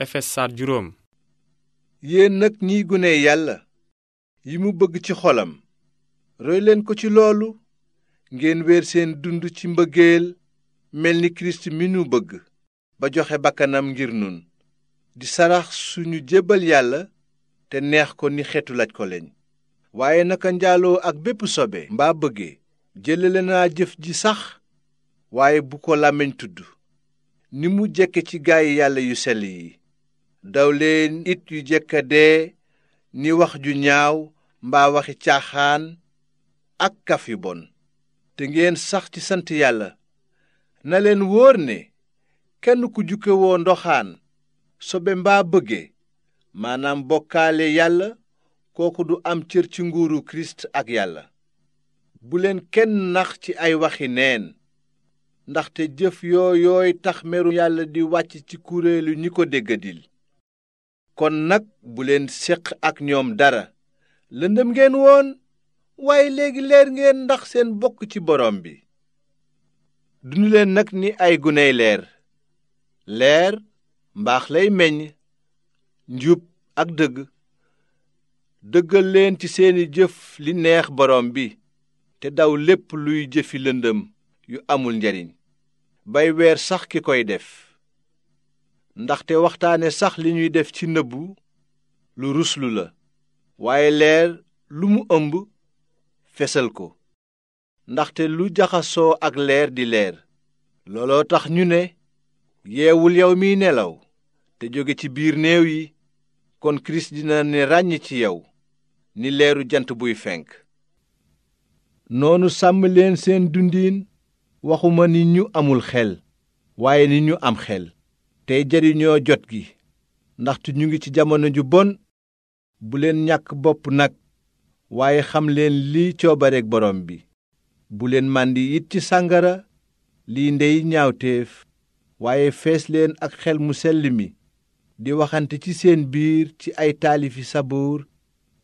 Efes juróom yéen nag ñiy gune yàlla yi mu bëgg ci xolam roy ko ci loolu ngeen wéer seen dund ci mbëggeel mel ni kirist mi nu bëgg ba joxe bakkanam ngir nun di sarax suñu jébbal yàlla te neex ko ni xeetu laj ko leen waaye naka njaaloo ak bépp sobe mbaa bëggee jëlale naa jëf ji sax waaye bu ko làmmiñ tudd ni mu jekke ci gaay yàlla yu sell yi daw leen it yu jëkk a dee ni wax ju ñaaw mbaa waxi caaxaan ak kaf yu bon te ngeen sax ci sant yàlla na leen wóor ne kenn ku jukke woo ndoxaan sobe mbaa bëgge maanaam bokkaale yàlla kooku du am cër ci nguuru kirist ak yàlla bu leen kenn nax ci ay waxi neen ndaxte jëf yoo yooy tax meru yàlla di wàcc ci kuréelu ñi ko déggadil kon nag bu leen séq ak ñoom dara lëndëm ngeen woon waaye léegi leer ngeen ndax seen bokk ci boroom bi dund leen nag ni ay guney leer leer mbaax lay meññ njub ak dëgg dëggal leen ci seeni jëf li neex boroom bi te daw lépp luy jëfi lëndëm yu amul njariñ bay weer sax ki koy def ndaxte waxtaane sax li ñuy def ci nëbbu lu ruslu la waaye leer lu mu ëmb fesal ko ndaxte lu jaxasoo ak leer di leer looloo tax ñu ne yeewul yow miy nelaw te jóge ci biir néew yi kon kirist dina ne ràññ ci yow ni leeru jant buy fenk noonu sàmm leen seen dundiin waxuma ni ñu amul xel waaye ni ñu am xel tey jariñoo jot gi ndaxte ñu ngi ci jamono ju bon bu leen ñàkk bopp nag waaye xam leen li coobareek borom bi bu leen màndi it ci sàngara lii ndey ñaawteef waaye fees leen ak xel mu sell mi di waxante ci seen biir ci ay taalifi sabuur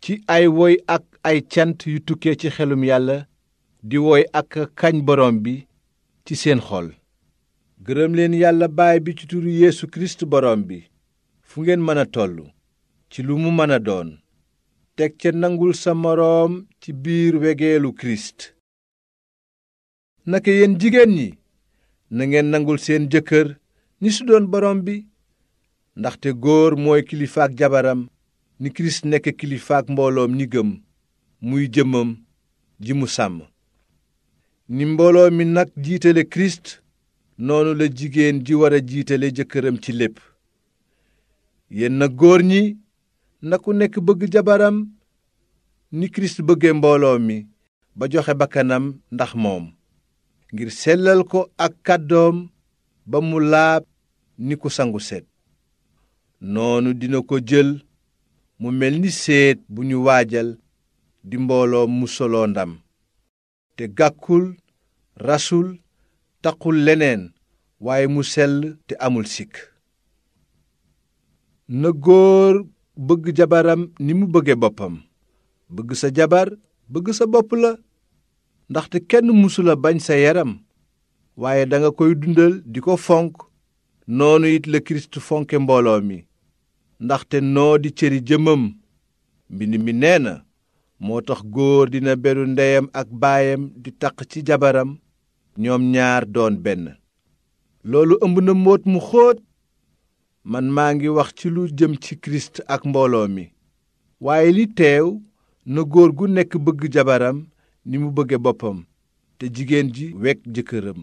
ci ay woy ak ay cant yu tukkee ci xelum yàlla di woy ak kañ borom bi ci seen xol gërëm leen yàlla baay bi ci turu yéesu Kirist borom bi fu ngeen mën a tollu ci lu mu mën a doon teg ca nangul sa moroom ci biir wegeelu Kirist naka yéen jigéen ñi na ngeen nangul seen jëkkër ni su doon borom bi ndaxte góor mooy kilifaak jabaram ni Kirist nekk kilifaak mbooloom ñi gëm muy jëmmam ji mu sàmm ni mbooloo mi nag jiitale Kirist noonu la jigéen ji war a jiitale jëkkëram ci lépp yéen nag góor ñi na ku nekk bëgg jabaram ni kirist bëgge mbooloo mi ba joxe bakkanam ndax moom ngir sellal ko ak kàddoom ba mu laab ni ku sangu set noonu dina ko jël mu mel ni seet bu ñu waajal di mbooloo mu soloo ndam te gàkkul rasul taqul leneen waaye mu sell te amul sikk na góor bëgg jabaram ni mu bëgge boppam bëgg sa jabar bëgg sa bopp la ndaxte kenn mësula bañ sa yaram waaye danga koy dundal di ko fonk noonu it la kirist fonke mbooloo mi ndaxte noo di cëri jëmmam mbind mi nee na moo tax góor dina beru ndeyam ak baayam di taq ci jabaram ñoom ñaar doon benn loolu ëmb na mbóot mu xóot man maa ngi wax ci lu jëm ci kirist ak mbooloo mi waaye li teew na góor gu nekk bëgg jabaram ni mu bëgge boppam te jigéen ji wekk jëkkëram